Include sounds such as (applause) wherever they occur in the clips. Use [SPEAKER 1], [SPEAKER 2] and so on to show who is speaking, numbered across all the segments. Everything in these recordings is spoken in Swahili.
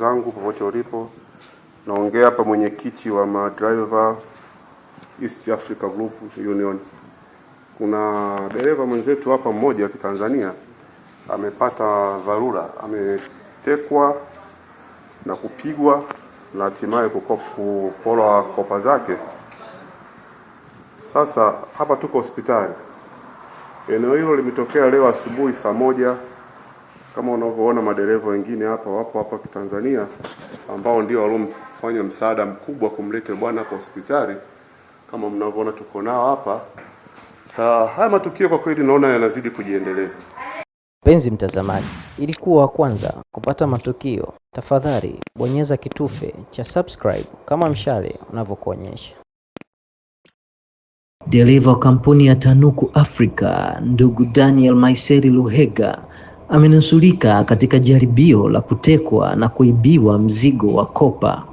[SPEAKER 1] zangu popote ulipo, naongea hapa mwenyekiti wa madriver East Africa Group Union. Kuna dereva mwenzetu hapa mmoja wa Kitanzania amepata dharura, ametekwa na kupigwa na hatimaye kuporwa kopa zake. Sasa hapa tuko hospitali, eneo hilo limetokea leo asubuhi saa moja kama unavyoona madereva wengine hapa wapo hapa Tanzania ambao ndio waliomfanya msaada mkubwa kumlete bwana hapa hospitali kama mnavyoona tuko nao hapa. Uh, haya matukio kwa kweli naona yanazidi kujiendeleza.
[SPEAKER 2] Mpenzi mtazamaji, ili kuwa wa kwanza kupata matukio, tafadhali bonyeza kitufe cha subscribe kama mshale unavyokuonyesha. Dereva wa kampuni ya Tanuku Africa ndugu Daniel Maiseri Luhega amenusurika katika jaribio la kutekwa na kuibiwa mzigo wa kopa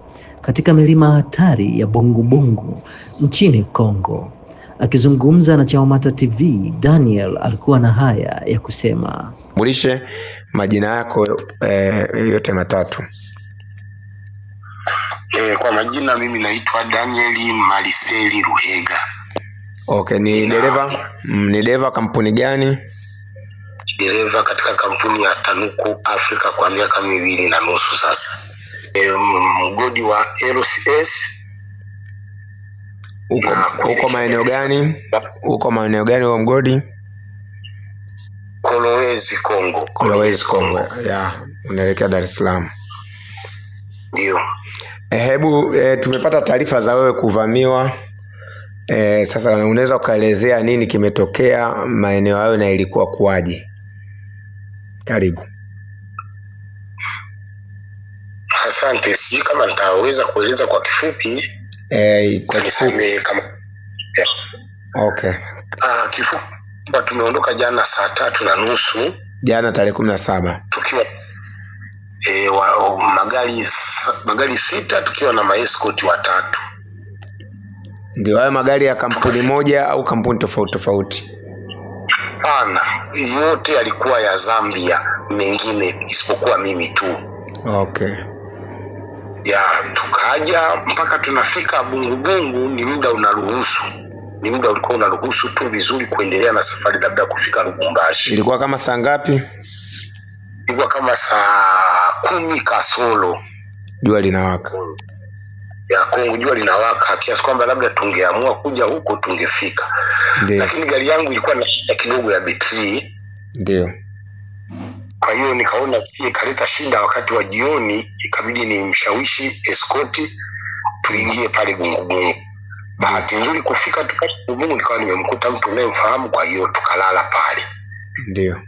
[SPEAKER 2] katika milima hatari ya Bongubongu nchini Kongo. Akizungumza na Chawamata TV, Daniel alikuwa na haya ya kusema:
[SPEAKER 1] mulishe majina yako eh, yote matatu.
[SPEAKER 3] Eh, kwa majina mimi naitwa Daniel Maliseli Ruhega.
[SPEAKER 1] Okay, ni dereva ni dereva kampuni gani?
[SPEAKER 3] dereva katika kampuni ya Tanuku Afrika kwa miaka miwili na nusu sasa. E, mgodi wa LCS
[SPEAKER 1] uko, uko maeneo gani? Uko maeneo gani wa mgodi?
[SPEAKER 3] Kolowezi Kongo.
[SPEAKER 1] Kolowezi Kongo. Ya, unaelekea Dar es Salaam. Ndio. Eh, hebu e, tumepata taarifa za wewe kuvamiwa. E, sasa unaweza ukaelezea nini kimetokea maeneo hayo na ilikuwa kuwaje? Karibu.
[SPEAKER 3] Asante, sijui kama nitaweza kueleza kwa kifupi.
[SPEAKER 1] Eh, kwa kifupi kama yeah. Okay.
[SPEAKER 3] Ah, kifupi tumeondoka jana saa tatu na nusu
[SPEAKER 1] jana tarehe kumi na saba
[SPEAKER 3] tukiwa e, wa, magari, magari sita tukiwa na maeskoti watatu.
[SPEAKER 1] Ndio hayo magari ya kampuni moja au kampuni tofauti tofauti?
[SPEAKER 3] Hapana, yote yalikuwa ya Zambia, mengine isipokuwa mimi tu. Okay ya tukaja mpaka tunafika Bungubungu, ni muda unaruhusu, ni muda ulikuwa unaruhusu tu vizuri kuendelea na safari, labda kufika Lubumbashi.
[SPEAKER 1] Ilikuwa kama saa ngapi?
[SPEAKER 3] Ilikuwa kama saa kumi kasoro,
[SPEAKER 1] jua linawaka
[SPEAKER 3] ya Kongo jua linawaka kiasi kwamba labda tungeamua kuja huko tungefika. Lakini gari yangu ilikuwa na shida kidogo ya betri. Ndio. Kwa hiyo nikaona si ikaleta shida, wakati wa jioni ikabidi mshawishi escort tuingie pale Bungumungu. Bahati nzuri kufika pale Bungumungu nikawa nimemkuta mtu unayemfahamu, kwa hiyo tukalala pale. Ndio.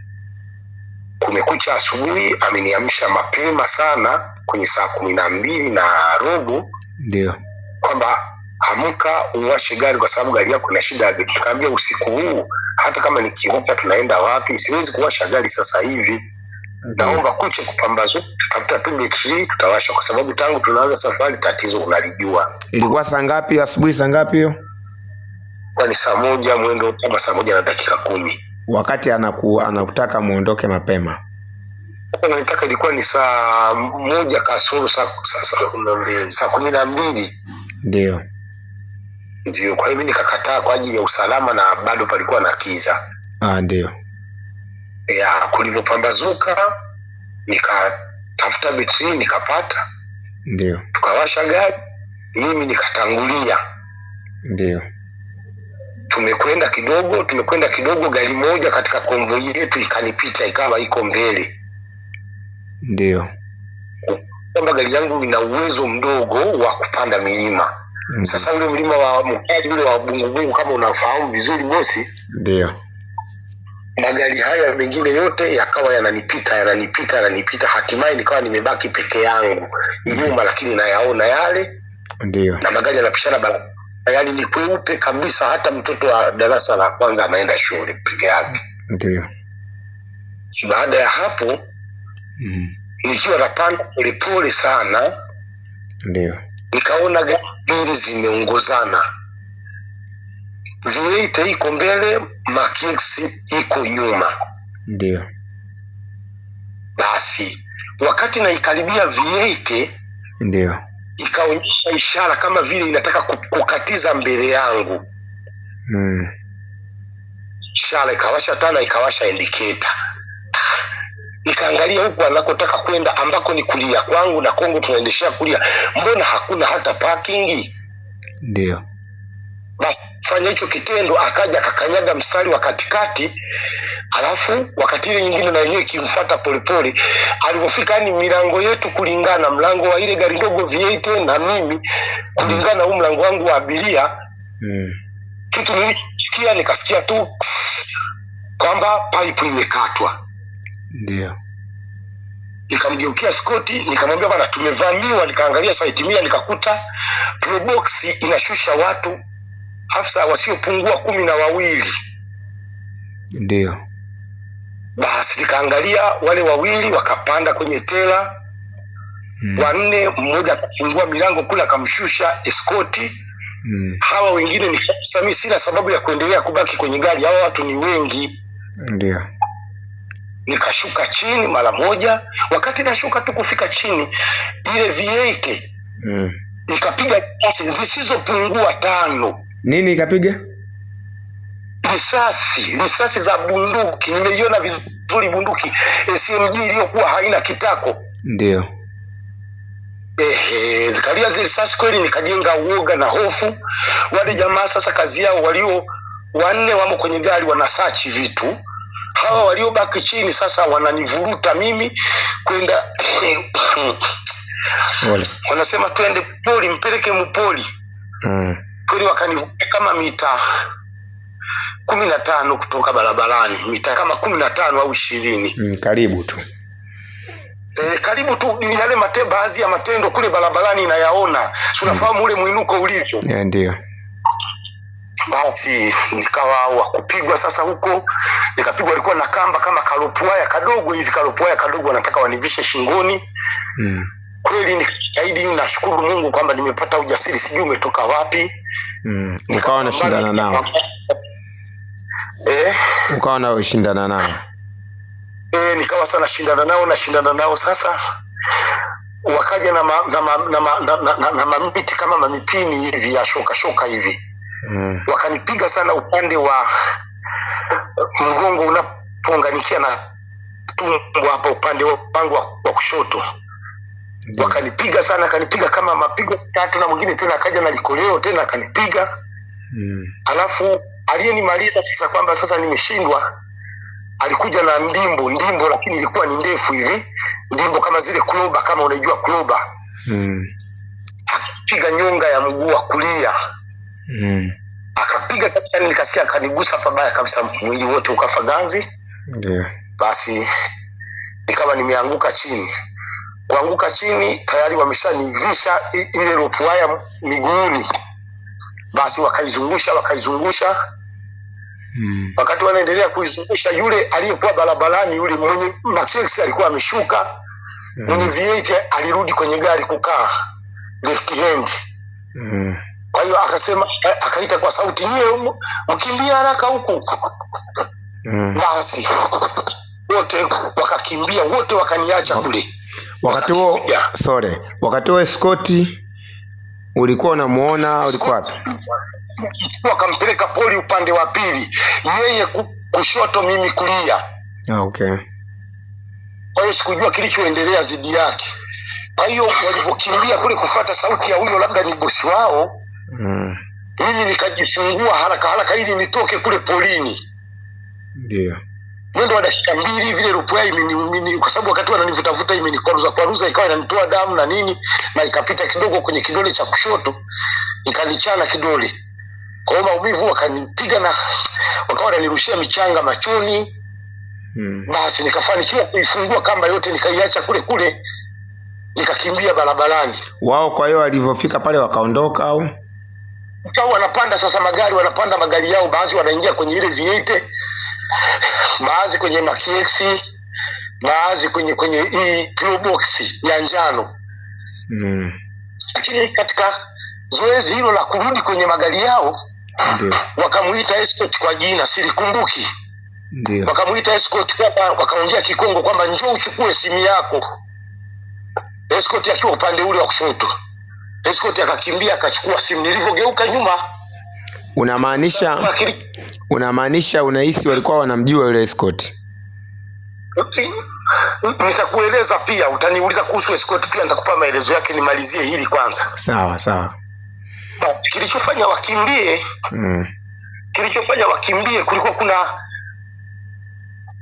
[SPEAKER 3] Kumekucha asubuhi, ameniamsha mapema sana kwenye saa kumi na mbili na robo ndio kwamba amka uwashe gari kwa sababu gari yako ina shida. Nikamwambia usiku huu, hata kama kiopa tunaenda wapi? Siwezi kuwasha gari sasa hivi, naomba kuche kupambazu, tafuta tu betri, tutawasha, kwa sababu tangu tunaanza safari tatizo unalijua.
[SPEAKER 1] Ilikuwa saa ngapi asubuhi? Saa ngapi hiyo?
[SPEAKER 3] Ni saa moja mwendo kama saa moja na dakika kumi
[SPEAKER 1] wakati anaku, anakutaka muondoke mapema
[SPEAKER 3] nilitaka ilikuwa ni saa moja kasoro saa, saa kumi na mbili ndio ndio. Kwa hiyo mi nikakataa kwa ajili ya usalama, na bado palikuwa na kiza. Ah, ndio ya kulivyopambazuka, nikatafuta betri nikapata, ndio tukawasha gari, mimi nikatangulia, ndio tumekwenda kidogo, tumekwenda kidogo, gari moja katika konvoi yetu ikanipita, ikawa iko mbele ndio kwamba gari yangu ina uwezo mdogo wa kupanda milima mm. Sasa ule mlima wa mkali ule wa Bungubungu kama unafahamu vizuri bosi, ndio magari haya mengine yote yakawa yananipita yananipita yananipita, hatimaye nikawa nimebaki peke yangu nyuma, lakini nayaona yale ndio, na magari yanapishana barabara, yaani ni kweupe kabisa, hata mtoto wa darasa la kwanza anaenda shule peke yake. Ndio baada ya hapo Mm. nikiwa napanda polepole sana ndio nikaona gari zimeongozana, V8 iko mbele, Max iko nyuma. Ndio basi, wakati naikaribia V8 ndio ikaonyesha ishara kama vile inataka kukatiza mbele yangu mm. Ishara ikawasha tana, ikawasha indicator nikaangalia huku anakotaka kwenda ambako ni kulia kwangu na Kongo tunaendeshea kulia, mbona hakuna hata parking? Ndio basi fanya hicho kitendo. Akaja akakanyaga mstari wa katikati, alafu wakati ile nyingine na yenyewe ikimfuata polepole. Alivyofika yani milango yetu kulingana, mlango wa ile gari ndogo V8 na mimi kulingana, huu mlango wangu wa abiria mm. kitu nilisikia, nikasikia tu kwamba pipe imekatwa ndio. Nikamgeukia skoti nikamwambia, bana, tumevamiwa. Nikaangalia site mia nikakuta probox inashusha watu afisa wasiopungua kumi na wawili. Ndio. Basi nikaangalia wale wawili wakapanda kwenye tela mm. Wanne, mmoja akafungua milango kule akamshusha eskoti mm. Hawa wengine nikasami, sina sababu ya kuendelea kubaki kwenye gari, hawa watu ni wengi. Ndio nikashuka chini mara moja. Wakati nashuka tu kufika chini, ile vieke mm. ikapiga risasi zisizopungua tano.
[SPEAKER 1] Nini ikapiga
[SPEAKER 3] risasi? Risasi za bunduki, nimeiona vizuri bunduki SMG iliyokuwa haina kitako, ndio ehe, zikalia zile risasi kweli. Nikajenga uoga na hofu. Wale jamaa sasa kazi yao, walio wanne wamo kwenye gari wanasachi vitu hawa waliobaki chini sasa wananivuruta mimi kwenda (coughs) wanasema twende poli, mpeleke mupoli mm. kweli wakanivuruta kama mita kumi na tano kutoka barabarani, mita kama kumi na tano au ishirini
[SPEAKER 1] mm, karibu tu
[SPEAKER 3] E, karibu tu yale mate, baadhi ya matendo kule barabarani inayaona, tunafahamu unafahamu mm. ule mwinuko ulivyo, yeah, ndio basi nikawa wakupigwa sasa huko nikapigwa alikuwa na kamba kama karopuaya kadogo hivi karopuaya kadogo wanataka wanivishe shingoni mm. kweli nikaidi nashukuru mungu kwamba nimepata ujasiri sijui umetoka wapi
[SPEAKER 1] mm. ukawa nashindana nao eh? ukawa naoshindana nao
[SPEAKER 3] eh, nikawa sana shindana nao nashindana nao sasa wakaja na, ma, na, ma, na, ma, na, na, na, na mamiti kama mamipini hivi ya shoka shoka hivi mm. wakanipiga sana upande wa mgongo unapounganikia na tumbo hapa upande wangu wa kushoto mm. wakanipiga sana akanipiga kama mapigo tatu na mwingine tena akaja na likoleo tena akanipiga mm. alafu aliyenimaliza sasa kwamba sasa nimeshindwa alikuja na ndimbo ndimbo lakini ilikuwa ni ndefu hivi ndimbo kama zile kloba kama unaijua kloba mm. akipiga nyonga ya mguu wa kulia Mm. akapiga kabisa, nikasikia akanigusa pabaya kabisa, mwili wote ukafa ganzi yeah. Basi nikawa nimeanguka chini. Kuanguka chini tayari wameshanivisha ile rope miguuni, basi wakaizungusha wakaizungusha Hmm. Wakati wanaendelea kuizungusha, yule aliyekuwa barabarani yule mwenye matrix alikuwa ameshuka hmm. Mwenye V8 alirudi kwenye gari kukaa left hand hmm. Kwa hiyo akasema, eh, akaita kwa sauti, nyie mkimbia haraka huku mm. Basi wote wakakimbia, wote wakaniacha kule.
[SPEAKER 1] Wakati huo sore, wakati huo eskoti ulikuwa unamuona, ulikuwa wapi?
[SPEAKER 3] Wakampeleka poli upande wa pili, yeye kushoto, mimi kulia. Ah, okay. Kwa hiyo sikujua kilichoendelea zidi yake. Kwa hiyo walivyokimbia kule kufata sauti ya huyo, labda ni bosi wao mm. ili nikajifungua haraka haraka ili nitoke kule polini, ndio mwendo wa dakika mbili vile rupea imeni, kwa sababu wakati wananivutavuta imenikwaruza kwaruza, ikawa inanitoa damu na nini, na ikapita kidogo kwenye kidole cha kushoto ikanichana kidole kwa hiyo maumivu, wakanipiga na wakawa wananirushia michanga machoni mm. Basi nikafanikiwa kuifungua kamba yote, nikaiacha kule kule, nikakimbia barabarani.
[SPEAKER 1] Wao kwa hiyo walivyofika pale wakaondoka au
[SPEAKER 3] au wanapanda sasa magari, wanapanda magari yao, baadhi wanaingia kwenye ile viete, baadhi kwenye Max, baadhi kwenye kwenye hii e Probox ya njano mm. Lakini katika zoezi hilo la kurudi kwenye magari yao Ndiyo. wakamuita escort kwa jina silikumbuki, wakamuita escort kwamba wakaongea Kikongo kwamba njoo uchukue simu yako, escort akiwa upande ule wa kushoto Escort akakimbia akachukua simu, nilivyogeuka nyuma.
[SPEAKER 1] Unamaanisha unamaanisha unahisi walikuwa wanamjua yule Escort?
[SPEAKER 3] Nitakueleza pia, utaniuliza kuhusu Escort pia, nitakupa maelezo yake. Nimalizie hili kwanza.
[SPEAKER 1] Sawa sawa.
[SPEAKER 3] Kilichofanya wakimbie mm. Kilichofanya wakimbie, kulikuwa kuna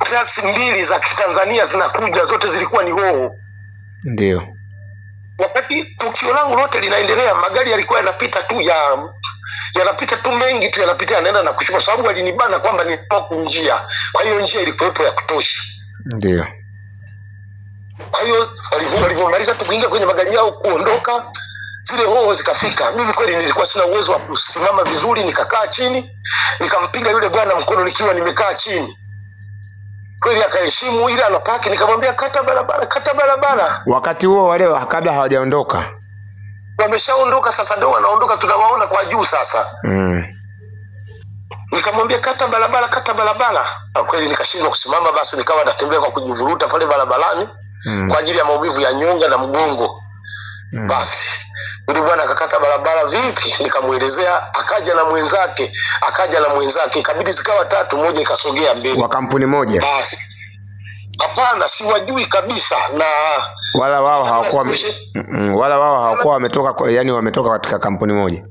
[SPEAKER 3] trucks mbili za Kitanzania zinakuja, zote zilikuwa ni hoho, ndio wakati tukio langu lote linaendelea, magari yalikuwa yanapita tu ya yanapita tu mengi tu yanapita yanaenda na kushuka, sababu alinibana kwamba nitoku njia. Kwa hiyo njia ilikuwepo ya kutosha, ndio. Kwa hiyo walivyomaliza tu kuingia kwenye magari yao kuondoka, zile hoho zikafika. Mimi kweli nilikuwa sina uwezo wa kusimama vizuri, nikakaa chini, nikampiga yule bwana mkono nikiwa nimekaa chini kweli akaheshimu, ila anapaki. Nikamwambia kata barabara, kata barabara.
[SPEAKER 1] Wakati huo wale kabla hawajaondoka
[SPEAKER 3] wameshaondoka, sasa ndio wanaondoka, tunawaona kwa juu sasa mm. Nikamwambia kata barabara, kata barabara. Kweli nikashindwa kusimama, basi nikawa natembea kwa kujivuruta pale barabarani mm. kwa ajili ya maumivu ya nyonga na mgongo mm. Basi yule bwana akakata barabara vipi, nikamwelezea akaja na mwenzake, akaja na mwenzake, ikabidi zikawa tatu, moja ikasogea mbele,
[SPEAKER 1] wa kampuni moja.
[SPEAKER 3] Basi hapana, siwajui kabisa na
[SPEAKER 1] wala wao hawakuwa wala wao hawakuwa wametoka, yani wametoka katika kampuni moja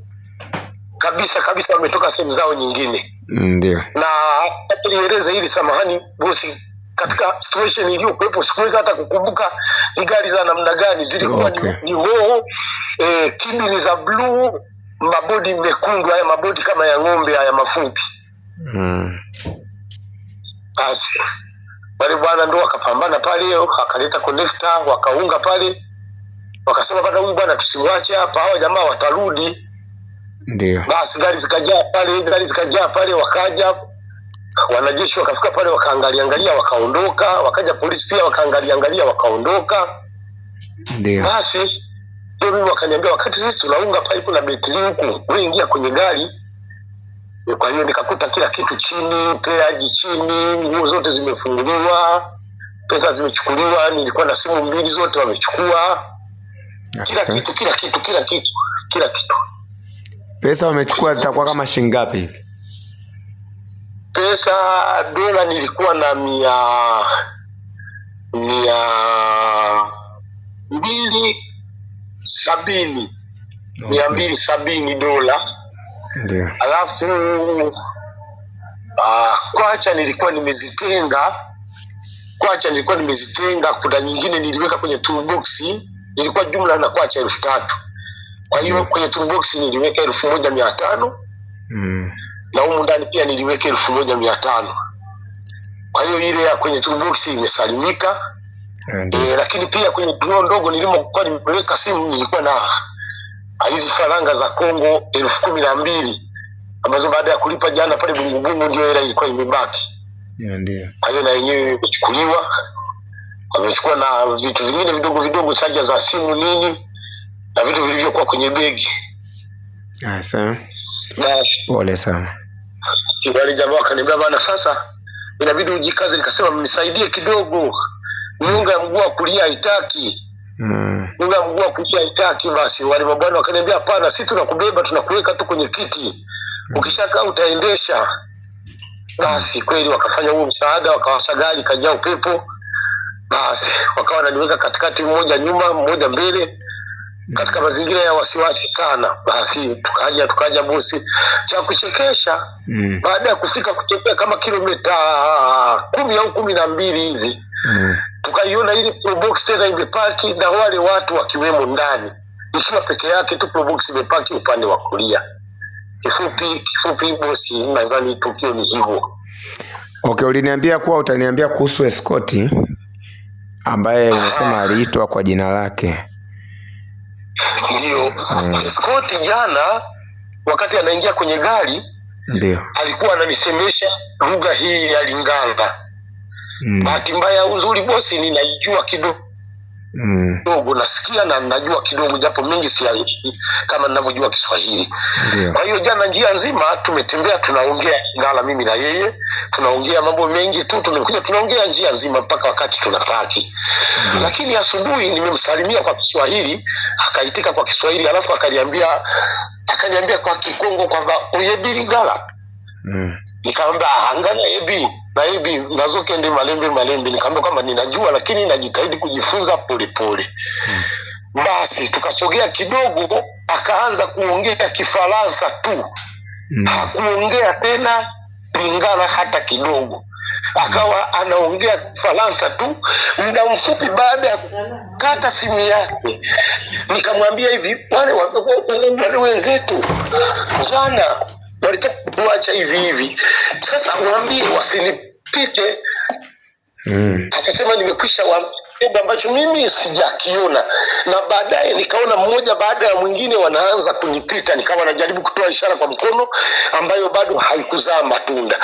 [SPEAKER 3] kabisa kabisa, wametoka sehemu zao nyingine, mm, ndio. Na tulieleza hili, samahani bosi katika situation iliyokuwepo, sikuweza hata kukumbuka ni gari za namna gani zilikuwa, okay. ni, ni hoho e, eh, kimi ni za bluu, mabodi mekundu, haya mabodi kama ya ng'ombe haya mafupi mm. Basi Bali bwana ndo wakapambana pale, akaleta connector wakaunga pale, wakasema bana, huyu bwana tusiwache hapa, hawa jamaa watarudi. Ndio basi gari zikajaa pale, gari zikajaa pale, wakaja wanajeshi wakafika pale wakaangalia angalia wakaondoka, wakaja polisi pia wakaangalia angalia wakaondoka. Ndio basi ndio mimi wakaniambia, wakati sisi tunaunga pipe na betri huku, wewe ingia kwenye gari. Kwa hiyo nikakuta kila kitu chini, peaji chini, nguo zote zimefunguliwa, pesa zimechukuliwa. Nilikuwa na simu mbili, zote wamechukua, kila kitu, kila kitu, kila kitu, kila kitu.
[SPEAKER 1] Pesa wamechukua zitakuwa kama shilingi ngapi hivi?
[SPEAKER 3] pesa dola nilikuwa na mia mia mbili sabini okay. mia mbili sabini dola yeah. alafu uh, kwacha nilikuwa nimezitenga kwacha nilikuwa nimezitenga kuna nyingine niliweka kwenye toolbox ilikuwa jumla na kwacha elfu tatu kwa hiyo mm. kwenye toolbox niliweka elfu moja mia tano mm na humu ndani pia niliweka elfu moja mia tano kwa hiyo ile ya kwenye toolbox imesalimika e, lakini pia kwenye drone ndogo nilimokuwa nimeweka simu nilikuwa na hizi faranga za Kongo elfu kumi na mbili ambazo baada ya kulipa jana pale Bungubugu ndio hela ilikuwa imebaki. Kwa hiyo na yenyewe imechukuliwa, wamechukua na vitu vingine vidogo vidogo, chaja za simu nini na vitu vilivyokuwa kwenye begi.
[SPEAKER 1] Ah, sawa. Pole sana
[SPEAKER 3] wale jamaa wakaniambia bana, sasa inabidi ujikaze. Nikasema mnisaidie kidogo, nyunga ya mguu wa kulia haitaki mm. nyunga ya mguu wa kulia haitaki. Basi wale mabwana wakaniambia hapana, sisi tunakubeba tunakuweka tu kwenye kiti, ukishakaa utaendesha. Basi kweli wakafanya huo msaada, wakawasha gari, kajaa upepo. Basi wakawa wananiweka katikati, mmoja nyuma, mmoja mbele katika mazingira ya wasiwasi sana, basi tukaja tukaja busi cha kuchekesha mm. baada ya kufika kutembea kama kilomita kumi au kumi na mbili hivi mm. tukaiona ile probox tena imepaki na wale watu wakiwemo ndani, ikiwa peke yake tu, probox imepaki upande wa kulia. Kifupi kifupi, bosi, nadhani tukio ni hivyo.
[SPEAKER 1] Okay, uliniambia kuwa utaniambia kuhusu eskoti ambaye unasema aliitwa kwa jina lake
[SPEAKER 3] ndio mm. Scott jana wakati anaingia kwenye gari ndio alikuwa ananisemesha lugha hii ya Lingala mm. Bahati mbaya nzuri bosi, ninaijua kidogo Mm. kidogo mm. nasikia na najua kidogo, japo mengi si kama ninavyojua Kiswahili. Kwa hiyo jana njia nzima tumetembea, tunaongea Ngala, mimi na yeye tunaongea mambo mengi tu, tumekuja tunaongea njia nzima mpaka wakati tunataki mm. Lakini asubuhi nimemsalimia kwa Kiswahili, akaitika kwa Kiswahili, alafu akaniambia akaniambia kwa Kikongo kwamba oyebiri Ngala mm. nikamwambia na yebi na hivi nazokendi malembe malembe. Nikaambia kwamba ninajua, lakini najitahidi kujifunza polepole. Hmm. Basi hmm. tukasogea kidogo, akaanza kuongea Kifaransa tu hmm. hakuongea tena Lingala hata kidogo akawa anaongea Kifaransa tu. Muda mfupi baada ya kukata simu yake, nikamwambia hivi, wale wale wenzetu jana walitaka kuacha hivi hivi, sasa waambie wasini pite mm. Akasema nimekwisha wabeba ambacho mimi sijakiona, na baadaye nikaona mmoja baada ya mwingine wanaanza kunipita, nikawa najaribu kutoa ishara kwa mkono ambayo bado haikuzaa matunda.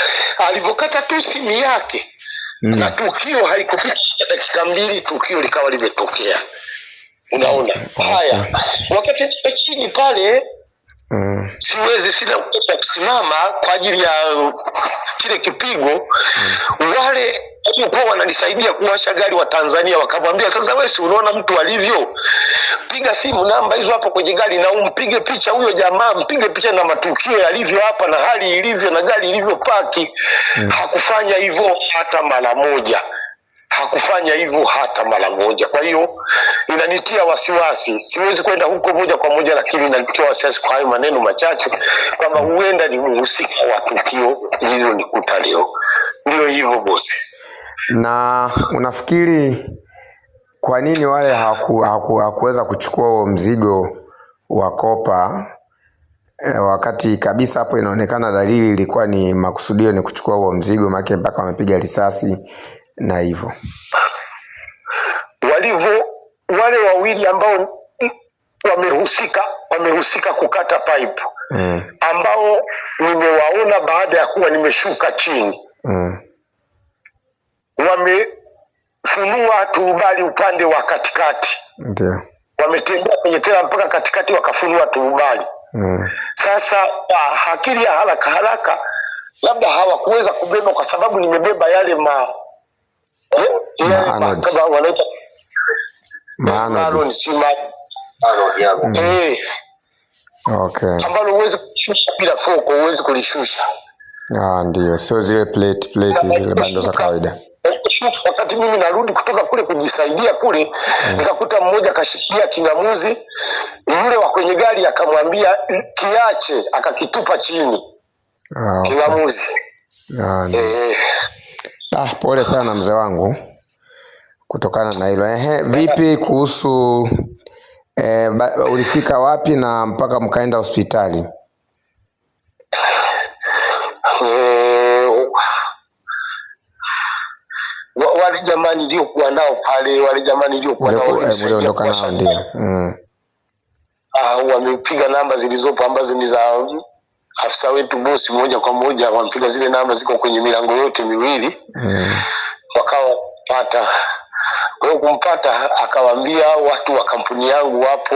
[SPEAKER 3] Alivyokata tu simu yake mm. na tukio halikupita dakika mbili, tukio likawa limetokea. Unaona haya wakati chini pale mm. siwezi, sina uwezo wa kusimama kwa ajili ya kile kipigo mm. wale waliokuwa wananisaidia kuwasha gari wa Tanzania wakamwambia, sasa wewe si unaona mtu alivyo, piga simu namba hizo hapo kwenye gari na umpige picha huyo jamaa, mpige picha na matukio yalivyo hapa na hali ilivyo na gari ilivyopaki mm. hakufanya hivyo hata mara moja hakufanya hivyo hata mara moja. Kwa hiyo inanitia wasiwasi, siwezi kwenda huko moja kwa moja, lakini inanitia wasiwasi kwa hayo maneno machache kwamba huenda ni mhusika wa tukio lililonikuta leo. ndio hivyo bosi.
[SPEAKER 1] Na unafikiri kwa nini wale hawakuweza haku, haku, kuchukua huo mzigo wa kopa E, wakati kabisa hapo inaonekana dalili ilikuwa ni makusudio ni kuchukua huo mzigo, maana mpaka wamepiga risasi na hivyo
[SPEAKER 3] walivyo wale wawili ambao wamehusika wamehusika kukata pipe mm. ambao nimewaona baada ya kuwa nimeshuka chini mm. wamefunua turubali upande wa katikati, ndio wametembea kwenye tela mpaka katikati wakafunua turubali. Mm. Sasa kwa akili ya haraka haraka labda hawakuweza kubeba kwa sababu nimebeba yale ma
[SPEAKER 1] eh,
[SPEAKER 3] ambalo huwezi kushusha bila foko, huwezi kulishusha.
[SPEAKER 1] Ah, ndio, sio zile plate plate zile bando za kawaida
[SPEAKER 3] wakati mimi narudi kutoka kule kujisaidia kule mm. Nikakuta mmoja kashikilia king'amuzi, yule wa kwenye gari akamwambia kiache, akakitupa chini. Ah, okay. King'amuzi
[SPEAKER 1] ah, eh. Ah, pole sana mzee wangu kutokana na hilo ehe. Vipi kuhusu eh, ulifika wapi na mpaka mkaenda hospitali?
[SPEAKER 3] eh. wale jamaa niliokuwa nao pale, wale jamaa niliokuwa nao
[SPEAKER 1] waliondoka nao, ndio eh, mm.
[SPEAKER 3] ah, wamepiga namba zilizopo ambazo ni za afisa wetu bosi, moja kwa moja wamepiga zile namba, ziko kwenye milango yote miwili mm. wakawa pata kwa hiyo kumpata, akawaambia watu wa kampuni yangu wapo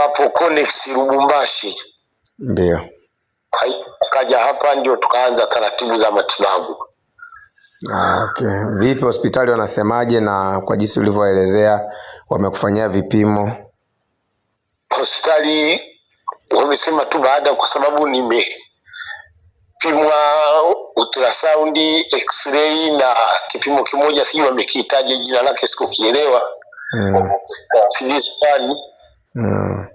[SPEAKER 3] wapo Konex Lubumbashi, ndio akaja hapa, ndio tukaanza taratibu za matibabu.
[SPEAKER 1] Ah, okay. Vipi hospitali wanasemaje na kwa jinsi ulivyoelezea wamekufanyia vipimo?
[SPEAKER 3] Hospitali wamesema tu baada, kwa sababu nimepimwa ultrasound, x-ray na kipimo kimoja, sijui wamekihitaji jina lake sikukielewa,
[SPEAKER 1] mm. mm.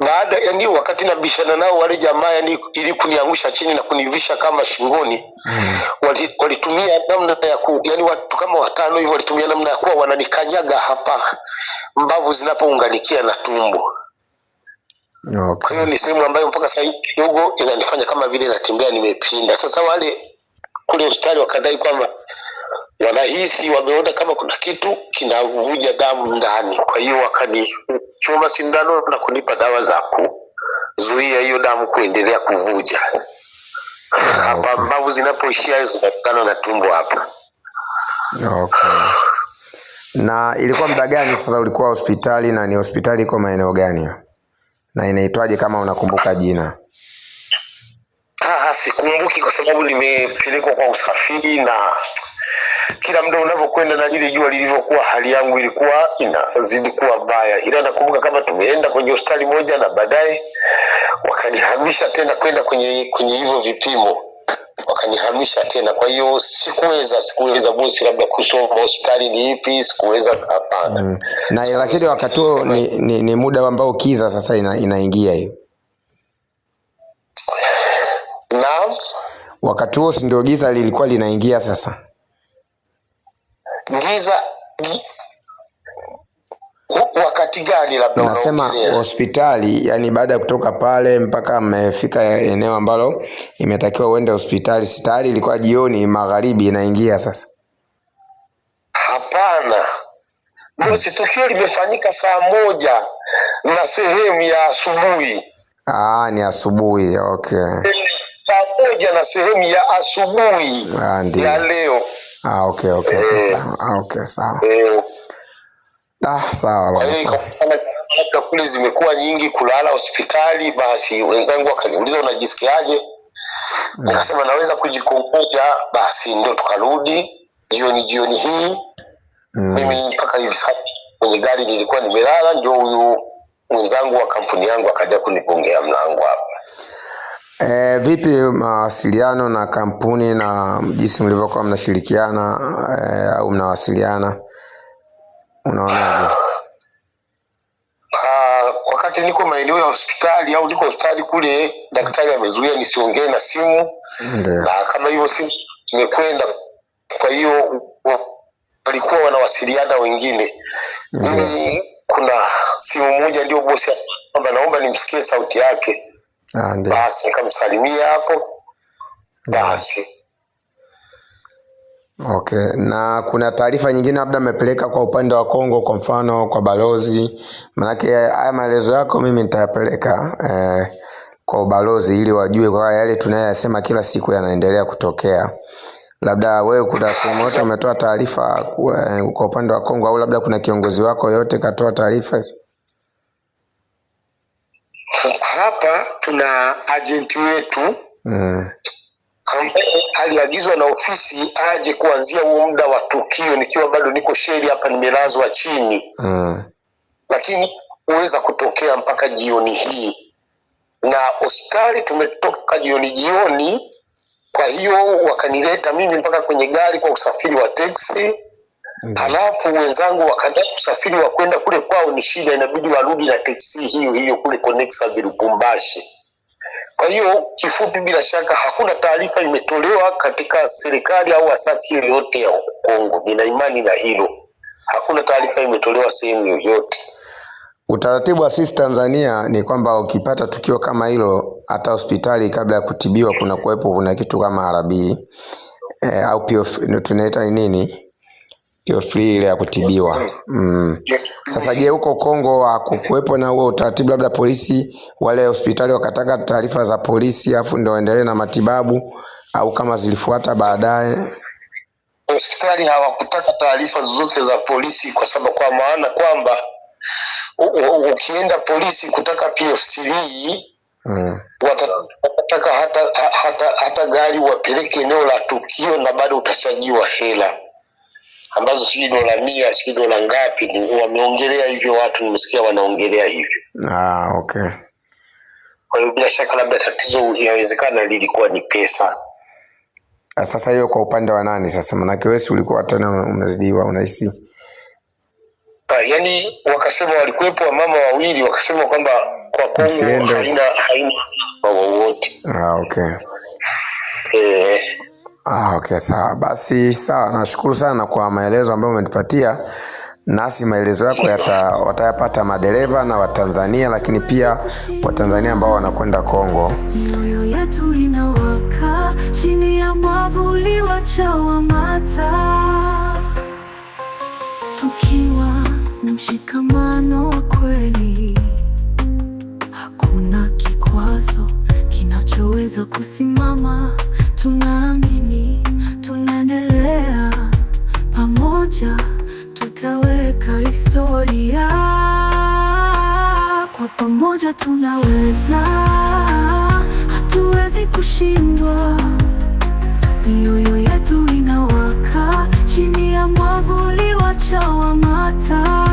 [SPEAKER 3] baada, yani wakati nabishana nao wale jamaa, yani ili kuniangusha chini na kunivisha kama shingoni walitumia namna ya ku, yani watu kama watano hivyo walitumia namna ya kuwa wananikanyaga hapa mbavu zinapounganikia na tumbo. Okay. Kwa hiyo ni sehemu ambayo mpaka sasa kidogo inanifanya kama vile natembea nimepinda. Sasa wale kule hospitali wakadai kwamba wanahisi wameona kama kuna kitu kinavuja damu ndani, kwa hiyo wakanichoma sindano na kunipa dawa za kuzuia hiyo damu kuendelea kuvuja
[SPEAKER 1] hapa okay.
[SPEAKER 3] Mbavu zinapoishia zinakutana na tumbo hapa
[SPEAKER 1] okay. Na ilikuwa muda gani sasa ulikuwa hospitali, na ni hospitali iko maeneo gani na inaitwaje, kama unakumbuka jina?
[SPEAKER 3] Ha, ah, ha, sikumbuki kwa sababu nimepelekwa kwa usafiri na kila mda unavyokwenda na lile jua lilivyokuwa, hali yangu ilikuwa inazidi kuwa mbaya, ila nakumbuka kama tumeenda kwenye hospitali moja na baadaye wakanihamisha tena kwenda kwenye kwenye hivyo vipimo wakanihamisha tena. Kwa hiyo sikuweza, sikuweza bosi, labda kusoma hospitali ni ipi, sikuweza, hapana mm.
[SPEAKER 1] na lakini wakati huo ni, ni, ni muda ambao kiza sasa ina, inaingia hiyo na wakati huo si ndio giza lilikuwa linaingia sasa
[SPEAKER 3] giza wakati gani labda
[SPEAKER 1] unasema hospitali, yani baada ya kutoka pale mpaka mmefika eneo ambalo imetakiwa uende hospitali, sitari ilikuwa jioni, magharibi inaingia sasa?
[SPEAKER 3] Hapana, bosi, tukio limefanyika saa moja na sehemu ya asubuhi.
[SPEAKER 1] Ah, ni asubuhi, okay.
[SPEAKER 3] Saa moja na sehemu ya asubuhi ah, ya leo.
[SPEAKER 1] Ah, okay, okay, Eh, sawa. Ah, okay, sawa. eh, Ah, sawa
[SPEAKER 3] yaani kule zimekuwa nyingi kulala hospitali. Basi wenzangu wakaniuliza unajisikiaje, nikasema mm. naweza kujikongoja Basi ndo tukarudi jioni. Jioni hii mm, mimi mpaka hivi sasa kwenye gari nilikuwa nimelala, ndio huyu mwenzangu wa kampuni yangu akaja kunipongea mlango hapa.
[SPEAKER 1] E, vipi mawasiliano na kampuni na jinsi mlivyokuwa mnashirikiana eh, au e, mnawasiliana unaona
[SPEAKER 3] Uh, ah, wakati niko maeneo ya hospitali au niko hospitali kule, daktari amezuia nisiongee na simu Ndiyo. na kama hivyo simu imekwenda, kwa hiyo walikuwa wanawasiliana wengine. Mimi kuna simu moja ndio bosi kwamba naomba nimsikie sauti yake basi nikamsalimia hapo basi.
[SPEAKER 1] Okay, na kuna taarifa nyingine labda amepeleka kwa upande wa Kongo, kwa mfano kwa balozi? Maanake haya maelezo yako mimi nitayapeleka eh, kwa ubalozi ili wajue kwa yale tunayoyasema kila siku yanaendelea kutokea. Labda wewe kuna sehemu yote umetoa taarifa eh, kwa upande wa Kongo, au labda kuna kiongozi wako yote katoa taarifa?
[SPEAKER 3] hapa tuna ajenti wetu mm. ambaye aliagizwa na ofisi aje kuanzia huo muda wa tukio, nikiwa bado niko sheli hapa, nimelazwa chini mm. lakini huweza kutokea mpaka jioni hii, na hospitali tumetoka jioni jioni. Kwa hiyo wakanileta mimi mpaka kwenye gari kwa usafiri wa teksi halafu wenzangu wakadai usafiri wa kwenda kule kwao ni shida, inabidi warudi na teksi hiyo hiyo kule Connexus Lubumbashi. Kwa hiyo kifupi, bila shaka hakuna taarifa imetolewa katika serikali au asasi yoyote ya Kongo. Nina imani na hilo, hakuna taarifa imetolewa sehemu yoyote.
[SPEAKER 1] Utaratibu wa sisi Tanzania ni kwamba ukipata tukio kama hilo, hata hospitali kabla ya kutibiwa kuna kuwepo kuna kitu kama arabii e, eh, au tunaita nini hiyo free ile ya kutibiwa mm. Sasa je, huko Kongo hakukuwepo na huo utaratibu, labda polisi wale hospitali wakataka taarifa za polisi afu ndio waendelee na matibabu, au kama zilifuata baadaye?
[SPEAKER 3] Hospitali hawakutaka taarifa zozote za polisi, kwa sababu kwa maana kwamba ukienda polisi kutaka PFCD mm. watataka hata, hata, hata gari wapeleke eneo la tukio na bado utachajiwa hela ambazo sijui dola mia sijui dola ngapi, wameongelea hivyo watu, nimesikia wanaongelea hivyo.
[SPEAKER 1] Ah, okay.
[SPEAKER 3] Kwa hiyo bila shaka labda tatizo inawezekana lilikuwa ni pesa.
[SPEAKER 1] Ah, sasa hiyo kwa upande wa nani sasa, manake wewe ulikuwa tena umezidiwa, unahisi
[SPEAKER 3] yaani, wakasema walikuwepo wamama wawili, wakasema kwamba kwa Kongo haina haina wote Ah, okay. Eh,
[SPEAKER 1] Ah, okay, sawa basi, sawa. Nashukuru sana kwa maelezo ambayo umenipatia, nasi maelezo yako yata, watayapata madereva na Watanzania, lakini pia Watanzania ambao wanakwenda Kongo. Mioyo yetu inawaka chini ya mwavuli wa CHAWAMATA tukiwa na mshikamano wa kweli, hakuna kikwazo kinachoweza kusimama tunaamini, tunaendelea pamoja, tutaweka historia. Kwa pamoja tunaweza, hatuwezi kushindwa. Mioyo yetu inawaka chini ya mwavuli wa CHAWAMATA.